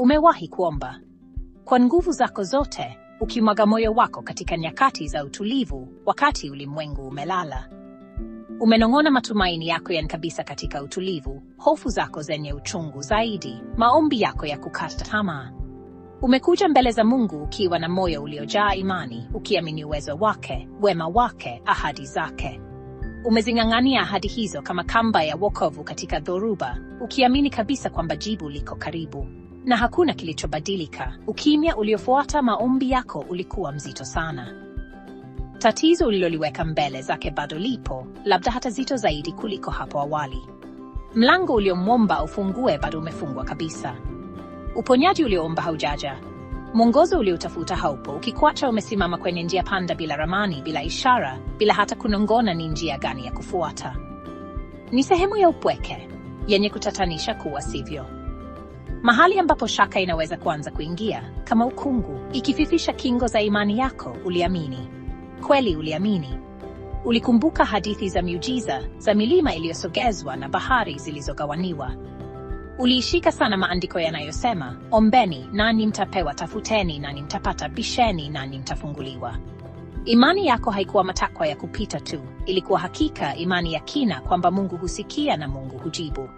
Umewahi kuomba kwa nguvu zako zote, ukimwaga moyo wako katika nyakati za utulivu, wakati ulimwengu umelala. Umenong'ona matumaini yako yan kabisa katika utulivu, hofu zako zenye uchungu zaidi, maombi yako ya kukata tamaa. Umekuja mbele za Mungu ukiwa na moyo uliojaa imani, ukiamini uwezo wake, wema wake, ahadi zake. Umezing'ang'ania ahadi hizo kama kamba ya wokovu katika dhoruba, ukiamini kabisa kwamba jibu liko karibu na hakuna kilichobadilika. Ukimya uliofuata maombi yako ulikuwa mzito sana. Tatizo uliloliweka mbele zake bado lipo, labda hata zito zaidi kuliko hapo awali. Mlango uliomwomba ufungue bado umefungwa kabisa. Uponyaji ulioomba haujaja. Mwongozo uliotafuta haupo, ukikwacha umesimama kwenye njia panda, bila ramani, bila ishara, bila hata kunongona ni njia gani ya kufuata. Ni sehemu ya upweke yenye kutatanisha kuwa sivyo mahali ambapo shaka inaweza kuanza kuingia kama ukungu, ikififisha kingo za imani yako. Uliamini kweli, uliamini, ulikumbuka hadithi za miujiza za milima iliyosogezwa na bahari zilizogawaniwa. Uliishika sana maandiko yanayosema ombeni nani mtapewa, tafuteni nanyi mtapata, bisheni nani mtafunguliwa. Imani yako haikuwa matakwa ya kupita tu, ilikuwa hakika, imani ya kina kwamba Mungu husikia na Mungu hujibu.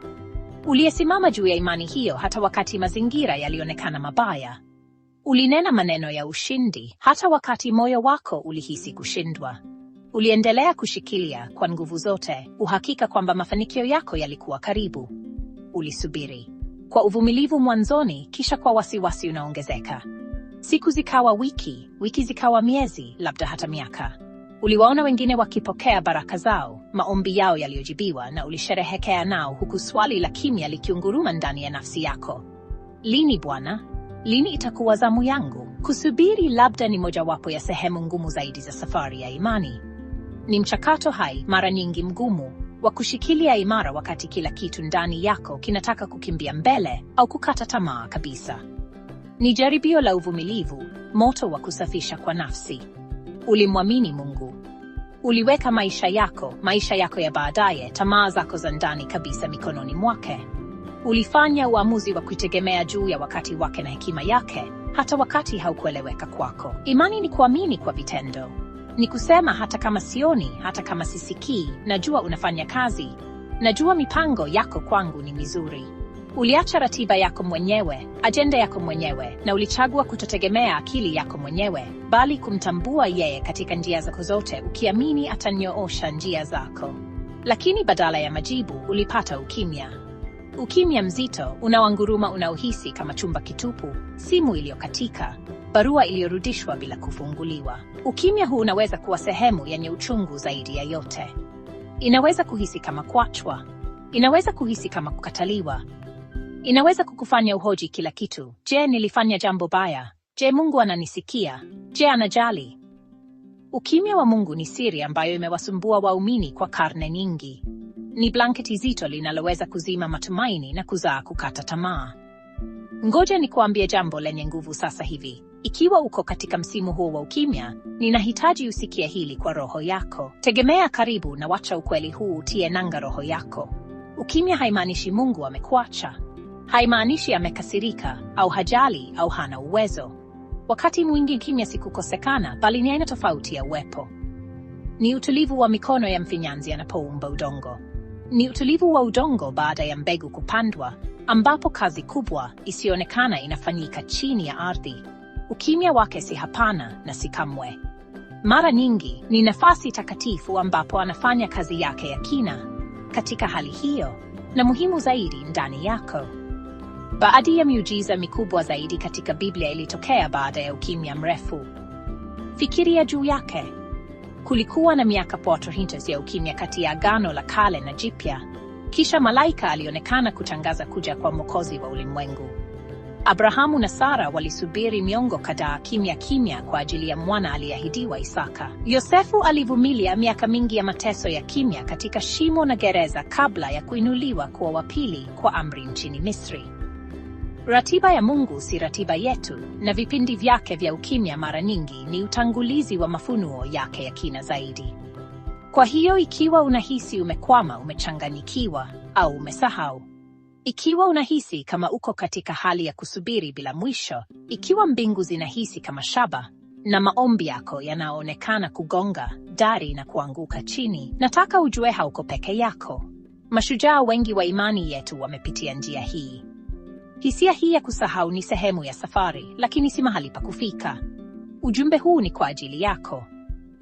Uliyesimama juu ya imani hiyo hata wakati mazingira yalionekana mabaya. Ulinena maneno ya ushindi hata wakati moyo wako ulihisi kushindwa. Uliendelea kushikilia kwa nguvu zote uhakika kwamba mafanikio yako yalikuwa karibu. Ulisubiri kwa uvumilivu mwanzoni, kisha kwa wasiwasi unaongezeka. Siku zikawa wiki, wiki zikawa miezi, labda hata miaka. Uliwaona wengine wakipokea baraka zao, maombi yao yaliyojibiwa, na ulisherehekea nao, huku swali la kimya likiunguruma ndani ya nafsi yako: lini Bwana, lini itakuwa zamu yangu? Kusubiri labda ni mojawapo ya sehemu ngumu zaidi za safari ya imani. Ni mchakato hai, mara nyingi mgumu, wa kushikilia imara wakati kila kitu ndani yako kinataka kukimbia mbele au kukata tamaa kabisa. Ni jaribio la uvumilivu, moto wa kusafisha kwa nafsi. Ulimwamini Mungu Uliweka maisha yako, maisha yako ya baadaye, tamaa zako za ndani kabisa mikononi mwake. Ulifanya uamuzi wa kuitegemea juu ya wakati wake na hekima yake, hata wakati haukueleweka kwako. Imani ni kuamini kwa vitendo, ni kusema hata kama sioni, hata kama sisikii, najua unafanya kazi, najua mipango yako kwangu ni mizuri. Uliacha ratiba yako mwenyewe, ajenda yako mwenyewe, na ulichagua kutotegemea akili yako mwenyewe, bali kumtambua yeye katika njia zako zote, ukiamini atanyoosha njia zako. Lakini badala ya majibu ulipata ukimya, ukimya mzito unawanguruma, unaohisi kama chumba kitupu, simu iliyokatika, barua iliyorudishwa bila kufunguliwa. Ukimya huu unaweza kuwa sehemu yenye uchungu zaidi ya yote. Inaweza kuhisi kama kuachwa, inaweza kuhisi kama kukataliwa Inaweza kukufanya uhoji kila kitu. Je, nilifanya jambo baya? Je, Mungu ananisikia? Je, anajali? Ukimya wa Mungu ni siri ambayo imewasumbua waumini kwa karne nyingi. Ni blanketi zito linaloweza kuzima matumaini na kuzaa kukata tamaa. Ngoja nikuambie jambo lenye nguvu sasa hivi. Ikiwa uko katika msimu huo wa ukimya, ninahitaji usikie hili kwa roho yako. Tegemea karibu na wacha ukweli huu utie nanga roho yako. Ukimya haimaanishi Mungu amekuacha haimaanishi amekasirika au hajali au hana uwezo. Wakati mwingi kimya si kukosekana, bali ni aina tofauti ya uwepo. Ni utulivu wa mikono ya mfinyanzi anapoumba udongo. Ni utulivu wa udongo baada ya mbegu kupandwa, ambapo kazi kubwa isiyoonekana inafanyika chini ya ardhi. Ukimya wake si hapana na si kamwe. Mara nyingi ni nafasi takatifu ambapo anafanya kazi yake ya kina. Katika hali hiyo, na muhimu zaidi, ndani yako. Baadhi ya miujiza mikubwa zaidi katika Biblia ilitokea baada ya ukimya mrefu. Fikiria juu yake. Kulikuwa na miaka 400 ya ukimya kati ya Agano la Kale na Jipya. Kisha malaika alionekana kutangaza kuja kwa Mwokozi wa ulimwengu. Abrahamu na Sara walisubiri miongo kadhaa kimya kimya kwa ajili ya mwana aliyeahidiwa Isaka. Yosefu alivumilia miaka mingi ya mateso ya kimya katika shimo na gereza kabla ya kuinuliwa kuwa wa pili kwa amri nchini Misri. Ratiba ya Mungu si ratiba yetu, na vipindi vyake vya ukimya mara nyingi ni utangulizi wa mafunuo yake ya kina zaidi. Kwa hiyo ikiwa unahisi umekwama, umechanganyikiwa au umesahau, ikiwa unahisi kama uko katika hali ya kusubiri bila mwisho, ikiwa mbingu zinahisi kama shaba na maombi yako yanaonekana kugonga dari na kuanguka chini, nataka ujue hauko peke yako. Mashujaa wengi wa imani yetu wamepitia njia hii. Hisia hii ya kusahau ni sehemu ya safari, lakini si mahali pa kufika. Ujumbe huu ni kwa ajili yako.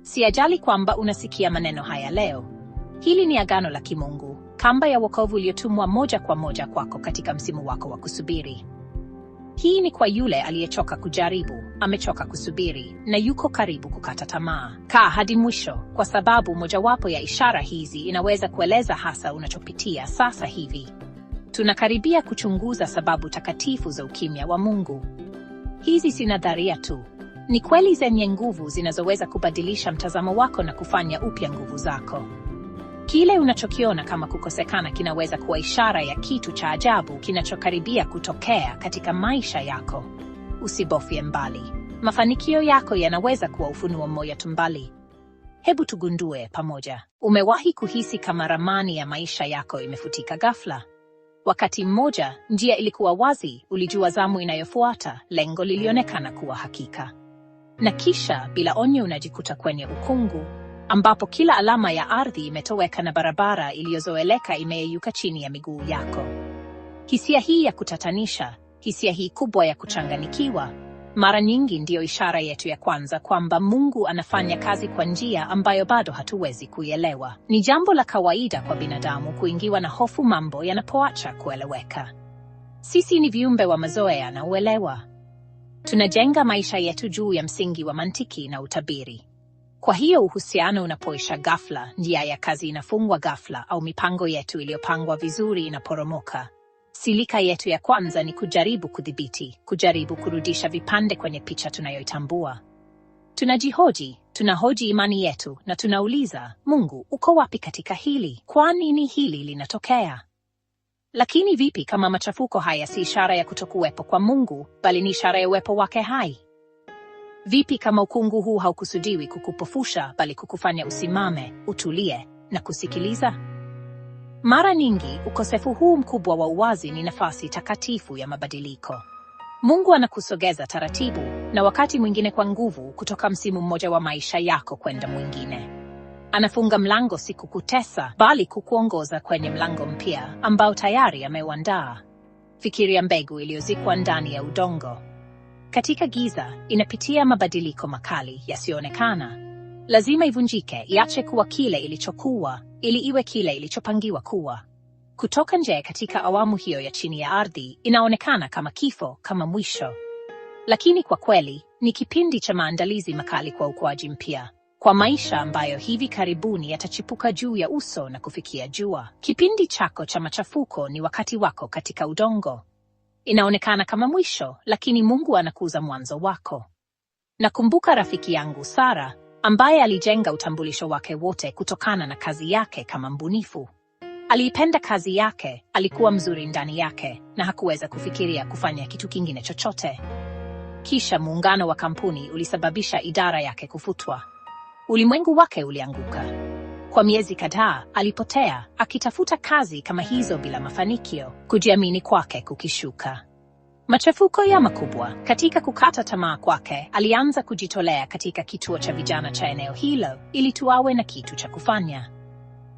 Siajali kwamba unasikia maneno haya leo. Hili ni agano la Kimungu, kamba ya wokovu iliyotumwa moja kwa moja kwako katika msimu wako wa kusubiri. Hii ni kwa yule aliyechoka kujaribu, amechoka kusubiri na yuko karibu kukata tamaa. Kaa hadi mwisho, kwa sababu mojawapo ya ishara hizi inaweza kueleza hasa unachopitia sasa hivi. Tunakaribia kuchunguza sababu takatifu za ukimya wa Mungu. Hizi si nadharia tu, ni kweli zenye nguvu zinazoweza kubadilisha mtazamo wako na kufanya upya nguvu zako. Kile unachokiona kama kukosekana kinaweza kuwa ishara ya kitu cha ajabu kinachokaribia kutokea katika maisha yako. Usibofye mbali. Mafanikio yako yanaweza kuwa ufunuo mmoja tu mbali. Hebu tugundue pamoja. Umewahi kuhisi kama ramani ya maisha yako imefutika ghafla? Wakati mmoja njia ilikuwa wazi, ulijua zamu inayofuata, lengo lilionekana kuwa hakika. Na kisha bila onyo unajikuta kwenye ukungu ambapo kila alama ya ardhi imetoweka na barabara iliyozoeleka imeyeyuka chini ya miguu yako. Hisia hii ya kutatanisha, hisia hii kubwa ya kuchanganikiwa mara nyingi ndiyo ishara yetu ya kwanza kwamba Mungu anafanya kazi kwa njia ambayo bado hatuwezi kuielewa. Ni jambo la kawaida kwa binadamu kuingiwa na hofu mambo yanapoacha kueleweka. Sisi ni viumbe wa mazoea na uelewa. Tunajenga maisha yetu juu ya msingi wa mantiki na utabiri. Kwa hiyo uhusiano unapoisha ghafla, njia ya kazi inafungwa ghafla, au mipango yetu iliyopangwa vizuri inaporomoka. Silika yetu ya kwanza ni kujaribu kudhibiti, kujaribu kurudisha vipande kwenye picha tunayoitambua. Tunajihoji, tunahoji imani yetu na tunauliza, Mungu uko wapi katika hili? Kwa nini hili linatokea? Lakini vipi kama machafuko haya si ishara ya kutokuwepo kwa Mungu, bali ni ishara ya uwepo wake hai? Vipi kama ukungu huu haukusudiwi kukupofusha, bali kukufanya usimame, utulie na kusikiliza? Mara nyingi ukosefu huu mkubwa wa uwazi ni nafasi takatifu ya mabadiliko. Mungu anakusogeza taratibu na wakati mwingine kwa nguvu kutoka msimu mmoja wa maisha yako kwenda mwingine. Anafunga mlango si kukutesa, bali kukuongoza kwenye mlango mpya ambao tayari ameuandaa. Fikiria mbegu iliyozikwa ndani ya udongo. Katika giza, inapitia mabadiliko makali yasiyoonekana lazima ivunjike, iache kuwa kile ilichokuwa ili iwe kile ilichopangiwa kuwa. Kutoka nje katika awamu hiyo ya chini ya ardhi inaonekana kama kifo, kama mwisho, lakini kwa kweli ni kipindi cha maandalizi makali kwa ukuaji mpya, kwa maisha ambayo hivi karibuni yatachipuka juu ya uso na kufikia jua. Kipindi chako cha machafuko ni wakati wako katika udongo. Inaonekana kama mwisho, lakini Mungu anakuza mwanzo wako. Nakumbuka rafiki yangu Sara ambaye alijenga utambulisho wake wote kutokana na kazi yake kama mbunifu. Aliipenda kazi yake, alikuwa mzuri ndani yake na hakuweza kufikiria kufanya kitu kingine chochote. Kisha muungano wa kampuni ulisababisha idara yake kufutwa. Ulimwengu wake ulianguka. Kwa miezi kadhaa alipotea akitafuta kazi kama hizo bila mafanikio, kujiamini kwake kukishuka. Machafuko ya makubwa katika kukata tamaa kwake, alianza kujitolea katika kituo cha vijana cha eneo hilo ili tuawe na kitu cha kufanya.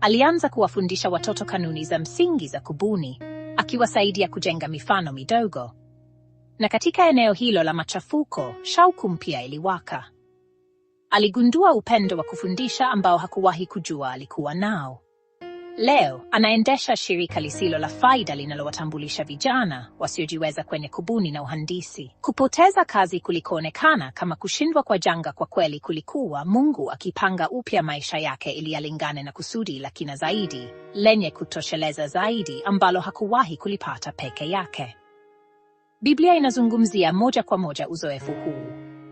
Alianza kuwafundisha watoto kanuni za msingi za kubuni, akiwasaidia kujenga mifano midogo. Na katika eneo hilo la machafuko, shauku mpya iliwaka. Aligundua upendo wa kufundisha ambao hakuwahi kujua alikuwa nao. Leo anaendesha shirika lisilo la faida linalowatambulisha vijana wasiojiweza kwenye kubuni na uhandisi. Kupoteza kazi kulikoonekana kama kushindwa kwa janga, kwa kweli kulikuwa Mungu akipanga upya maisha yake ili alingane na kusudi la kina zaidi lenye kutosheleza zaidi ambalo hakuwahi kulipata peke yake. Biblia inazungumzia moja kwa moja uzoefu huu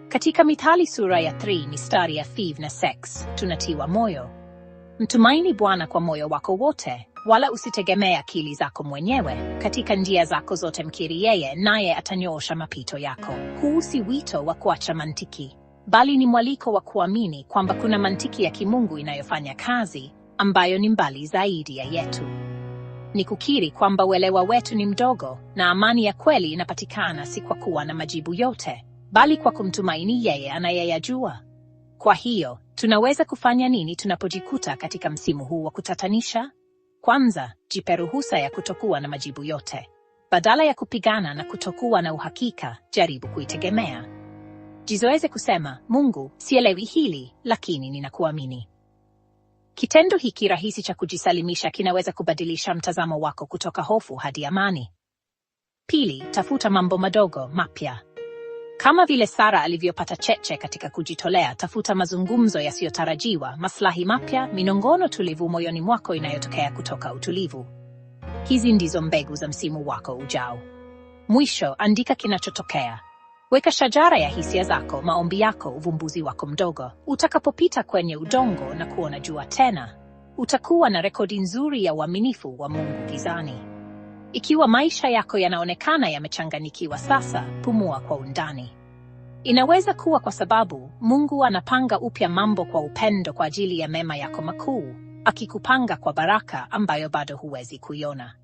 katika Mithali sura ya 3 mistari ya 5 na 6, tunatiwa moyo Mtumaini Bwana kwa moyo wako wote, wala usitegemee akili zako mwenyewe. Katika njia zako zote mkiri yeye, naye atanyoosha mapito yako. Huu si wito wa kuacha mantiki, bali ni mwaliko wa kuamini kwamba kuna mantiki ya kimungu inayofanya kazi, ambayo ni mbali zaidi ya yetu. Ni kukiri kwamba uelewa wetu ni mdogo, na amani ya kweli inapatikana si kwa kuwa na majibu yote, bali kwa kumtumaini yeye anayeyajua. Kwa hiyo tunaweza kufanya nini tunapojikuta katika msimu huu wa kutatanisha? Kwanza, jipe ruhusa ya kutokuwa na majibu yote. Badala ya kupigana na kutokuwa na uhakika, jaribu kuitegemea. Jizoeze kusema, Mungu, sielewi hili, lakini ninakuamini. Kitendo hiki rahisi cha kujisalimisha kinaweza kubadilisha mtazamo wako kutoka hofu hadi amani. Pili, tafuta mambo madogo mapya. Kama vile Sara alivyopata cheche katika kujitolea, tafuta mazungumzo yasiyotarajiwa, maslahi mapya, minongono tulivu moyoni mwako inayotokea kutoka utulivu. Hizi ndizo mbegu za msimu wako ujao. Mwisho, andika kinachotokea. Weka shajara ya hisia zako, maombi yako, uvumbuzi wako mdogo. Utakapopita kwenye udongo na kuona jua tena, utakuwa na rekodi nzuri ya uaminifu wa Mungu gizani. Ikiwa maisha yako yanaonekana yamechanganyikiwa sasa, pumua kwa undani. Inaweza kuwa kwa sababu Mungu anapanga upya mambo kwa upendo kwa ajili ya mema yako makuu, akikupanga kwa baraka ambayo bado huwezi kuiona.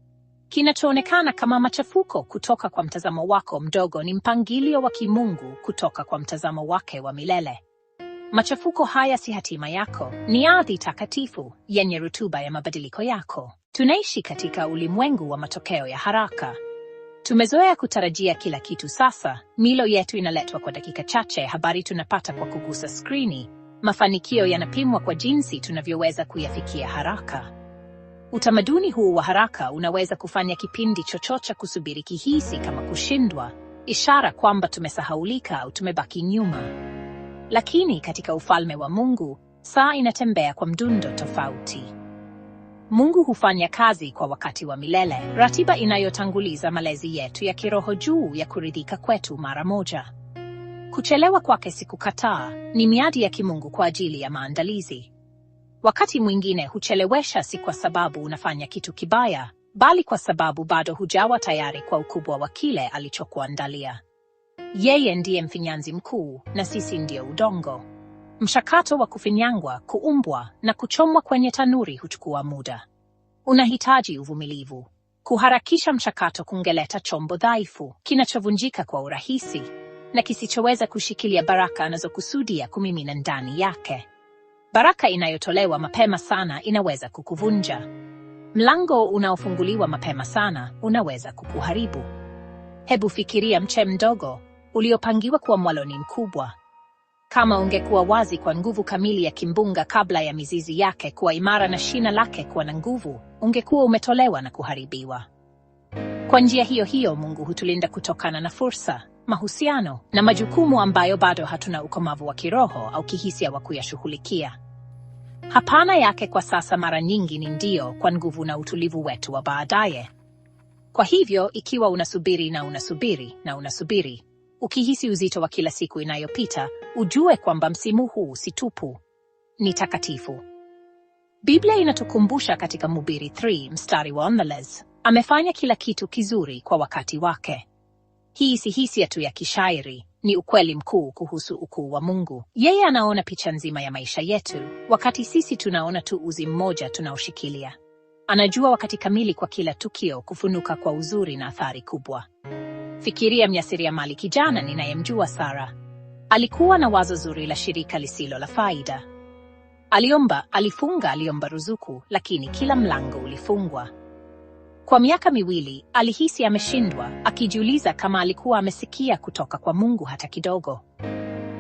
Kinachoonekana kama machafuko kutoka kwa mtazamo wako mdogo ni mpangilio wa kimungu kutoka kwa mtazamo wake wa milele. Machafuko haya si hatima yako, ni ardhi takatifu yenye rutuba ya mabadiliko yako. Tunaishi katika ulimwengu wa matokeo ya haraka. Tumezoea kutarajia kila kitu sasa. Milo yetu inaletwa kwa dakika chache, habari tunapata kwa kugusa skrini, mafanikio yanapimwa kwa jinsi tunavyoweza kuyafikia haraka. Utamaduni huu wa haraka unaweza kufanya kipindi chochote cha kusubiri kihisi kama kushindwa, ishara kwamba tumesahaulika au tumebaki nyuma. Lakini katika ufalme wa Mungu, saa inatembea kwa mdundo tofauti. Mungu hufanya kazi kwa wakati wa milele, ratiba inayotanguliza malezi yetu ya kiroho juu ya kuridhika kwetu mara moja. Kuchelewa kwake si kukataa, ni miadi ya kimungu kwa ajili ya maandalizi. Wakati mwingine huchelewesha, si kwa sababu unafanya kitu kibaya, bali kwa sababu bado hujawa tayari kwa ukubwa wa kile alichokuandalia. Yeye ndiye mfinyanzi mkuu na sisi ndiyo udongo. Mchakato wa kufinyangwa, kuumbwa na kuchomwa kwenye tanuri huchukua muda. Unahitaji uvumilivu. Kuharakisha mchakato kungeleta chombo dhaifu kinachovunjika kwa urahisi na kisichoweza kushikilia baraka anazokusudia kumimina ndani yake. Baraka inayotolewa mapema sana inaweza kukuvunja. Mlango unaofunguliwa mapema sana unaweza kukuharibu. Hebu fikiria mche mdogo uliopangiwa kuwa mwaloni mkubwa. Kama ungekuwa wazi kwa nguvu kamili ya kimbunga kabla ya mizizi yake kuwa imara na shina lake kuwa na nguvu, ungekuwa umetolewa na kuharibiwa. Kwa njia hiyo hiyo, Mungu hutulinda kutokana na fursa, mahusiano na majukumu ambayo bado hatuna ukomavu wa kiroho au kihisia wa kuyashughulikia. Hapana yake kwa sasa mara nyingi ni ndio kwa nguvu na utulivu wetu wa baadaye. Kwa hivyo, ikiwa unasubiri na unasubiri na unasubiri Ukihisi uzito wa kila siku inayopita, ujue kwamba msimu huu si tupu, ni takatifu. Biblia inatukumbusha katika Mhubiri 3 mstari wa onneles, amefanya kila kitu kizuri kwa wakati wake. Hii si hisia tu ya kishairi, ni ukweli mkuu kuhusu ukuu wa Mungu. Yeye anaona picha nzima ya maisha yetu, wakati sisi tunaona tu uzi mmoja tunaoshikilia. Anajua wakati kamili kwa kila tukio kufunuka kwa uzuri na athari kubwa. Fikiria mjasiriamali kijana ninayemjua Sara. Alikuwa na wazo zuri la shirika lisilo la faida. Aliomba, alifunga, aliomba ruzuku, lakini kila mlango ulifungwa. Kwa miaka miwili alihisi ameshindwa, akijiuliza kama alikuwa amesikia kutoka kwa Mungu hata kidogo.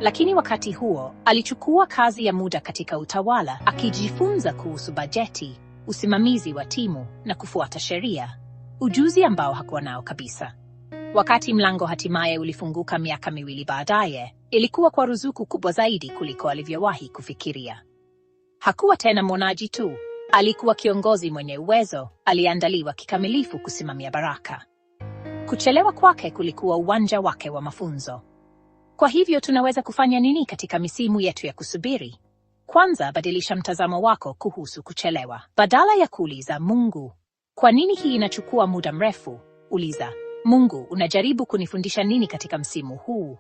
Lakini wakati huo alichukua kazi ya muda katika utawala, akijifunza kuhusu bajeti, usimamizi wa timu na kufuata sheria, ujuzi ambao hakuwa nao kabisa. Wakati mlango hatimaye ulifunguka miaka miwili baadaye, ilikuwa kwa ruzuku kubwa zaidi kuliko alivyowahi kufikiria. Hakuwa tena mwonaji tu, alikuwa kiongozi mwenye uwezo, aliandaliwa kikamilifu kusimamia baraka. Kuchelewa kwake kulikuwa uwanja wake wa mafunzo. Kwa hivyo tunaweza kufanya nini katika misimu yetu ya kusubiri? Kwanza, badilisha mtazamo wako kuhusu kuchelewa. Badala ya kuuliza Mungu, kwa nini hii inachukua muda mrefu, uliza Mungu unajaribu kunifundisha nini katika msimu huu?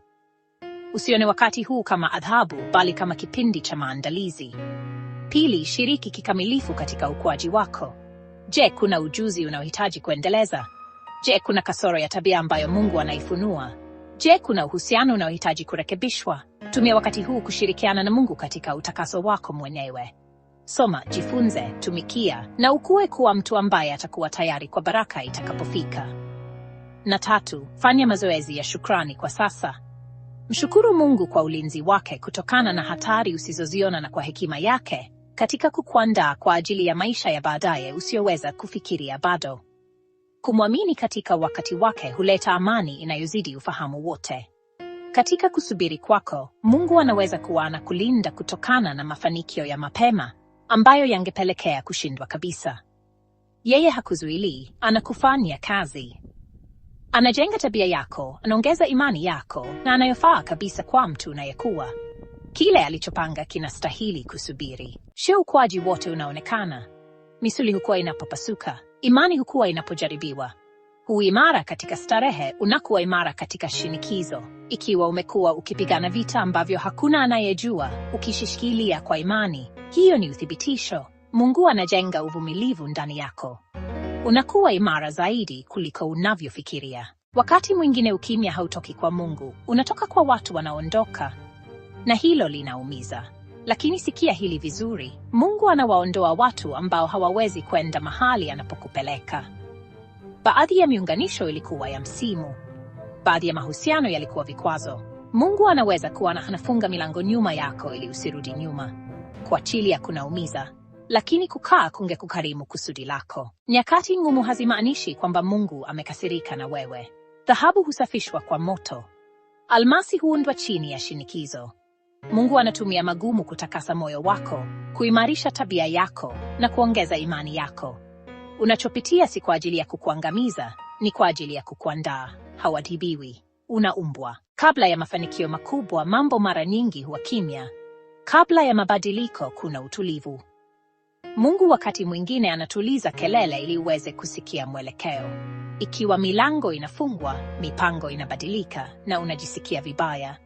Usione wakati huu kama adhabu, bali kama kipindi cha maandalizi. Pili, shiriki kikamilifu katika ukuaji wako. Je, kuna ujuzi unaohitaji kuendeleza? Je, kuna kasoro ya tabia ambayo Mungu anaifunua? Je, kuna uhusiano unaohitaji kurekebishwa? Tumia wakati huu kushirikiana na Mungu katika utakaso wako mwenyewe. Soma, jifunze, tumikia na ukue kuwa mtu ambaye atakuwa tayari kwa baraka itakapofika. Na tatu, fanya mazoezi ya shukrani kwa sasa. Mshukuru Mungu kwa ulinzi wake kutokana na hatari usizoziona na kwa hekima yake katika kukuandaa kwa ajili ya maisha ya baadaye usiyoweza kufikiria bado. Kumwamini katika wakati wake huleta amani inayozidi ufahamu wote. Katika kusubiri kwako, Mungu anaweza kuwa anakulinda kutokana na mafanikio ya mapema ambayo yangepelekea kushindwa kabisa. Yeye hakuzuilii, anakufanya kazi Anajenga tabia yako, anaongeza imani yako, na anayofaa kabisa kwa mtu unayekuwa. Kile alichopanga kinastahili kusubiri. Sio ukuaji wote unaonekana. Misuli hukuwa inapopasuka, imani hukuwa inapojaribiwa. Huu imara katika starehe unakuwa imara katika shinikizo. Ikiwa umekuwa ukipigana vita ambavyo hakuna anayejua, ukishishikilia kwa imani, hiyo ni uthibitisho. Mungu anajenga uvumilivu ndani yako unakuwa imara zaidi kuliko unavyofikiria. Wakati mwingine ukimya hautoki kwa Mungu, unatoka kwa watu wanaondoka, na hilo linaumiza. Lakini sikia hili vizuri, Mungu anawaondoa watu ambao hawawezi kwenda mahali anapokupeleka. Baadhi ya miunganisho ilikuwa ya msimu, baadhi ya mahusiano yalikuwa vikwazo. Mungu anaweza kuwa anafunga milango nyuma yako ili usirudi nyuma. Kuachilia kunaumiza, lakini kukaa kungekukarimu kusudi lako. Nyakati ngumu hazimaanishi kwamba Mungu amekasirika na wewe. Dhahabu husafishwa kwa moto, almasi huundwa chini ya shinikizo. Mungu anatumia magumu kutakasa moyo wako, kuimarisha tabia yako na kuongeza imani yako. Unachopitia si kwa ajili ya kukuangamiza, ni kwa ajili ya kukuandaa. Hawadibiwi, unaumbwa. Kabla ya mafanikio makubwa, mambo mara nyingi huwa kimya. Kabla ya mabadiliko, kuna utulivu. Mungu wakati mwingine anatuliza kelele ili uweze kusikia mwelekeo. Ikiwa milango inafungwa, mipango inabadilika na unajisikia vibaya.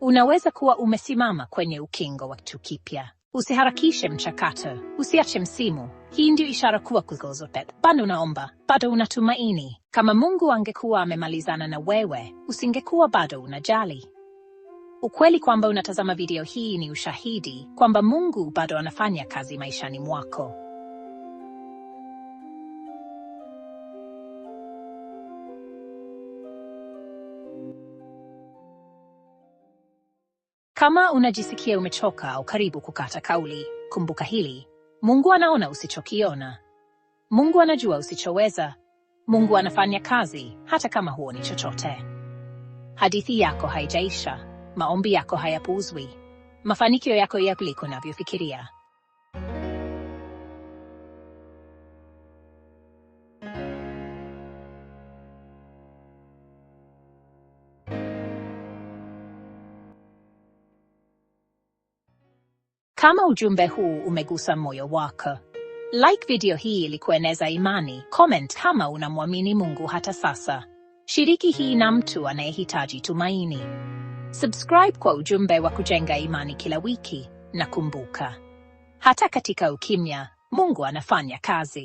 Unaweza kuwa umesimama kwenye ukingo wa kitu kipya. Usiharakishe mchakato, usiache msimu. Hii ndio ishara kuwa bado unaomba, bado unatumaini. Kama Mungu angekuwa amemalizana na wewe, usingekuwa bado unajali. Ukweli kwamba unatazama video hii ni ushahidi kwamba Mungu bado anafanya kazi maishani mwako. Kama unajisikia umechoka au karibu kukata kauli, kumbuka hili: Mungu anaona usichokiona, Mungu anajua usichoweza, Mungu anafanya kazi hata kama huoni chochote. Hadithi yako haijaisha. Maombi yako hayapuuzwi. Mafanikio yako ya kuliko unavyofikiria. Kama ujumbe huu umegusa moyo wako, like video hii ili kueneza imani, comment kama unamwamini Mungu hata sasa. Shiriki hii na mtu anayehitaji tumaini. Subscribe kwa ujumbe wa kujenga imani kila wiki, na kumbuka, hata katika ukimya Mungu anafanya kazi.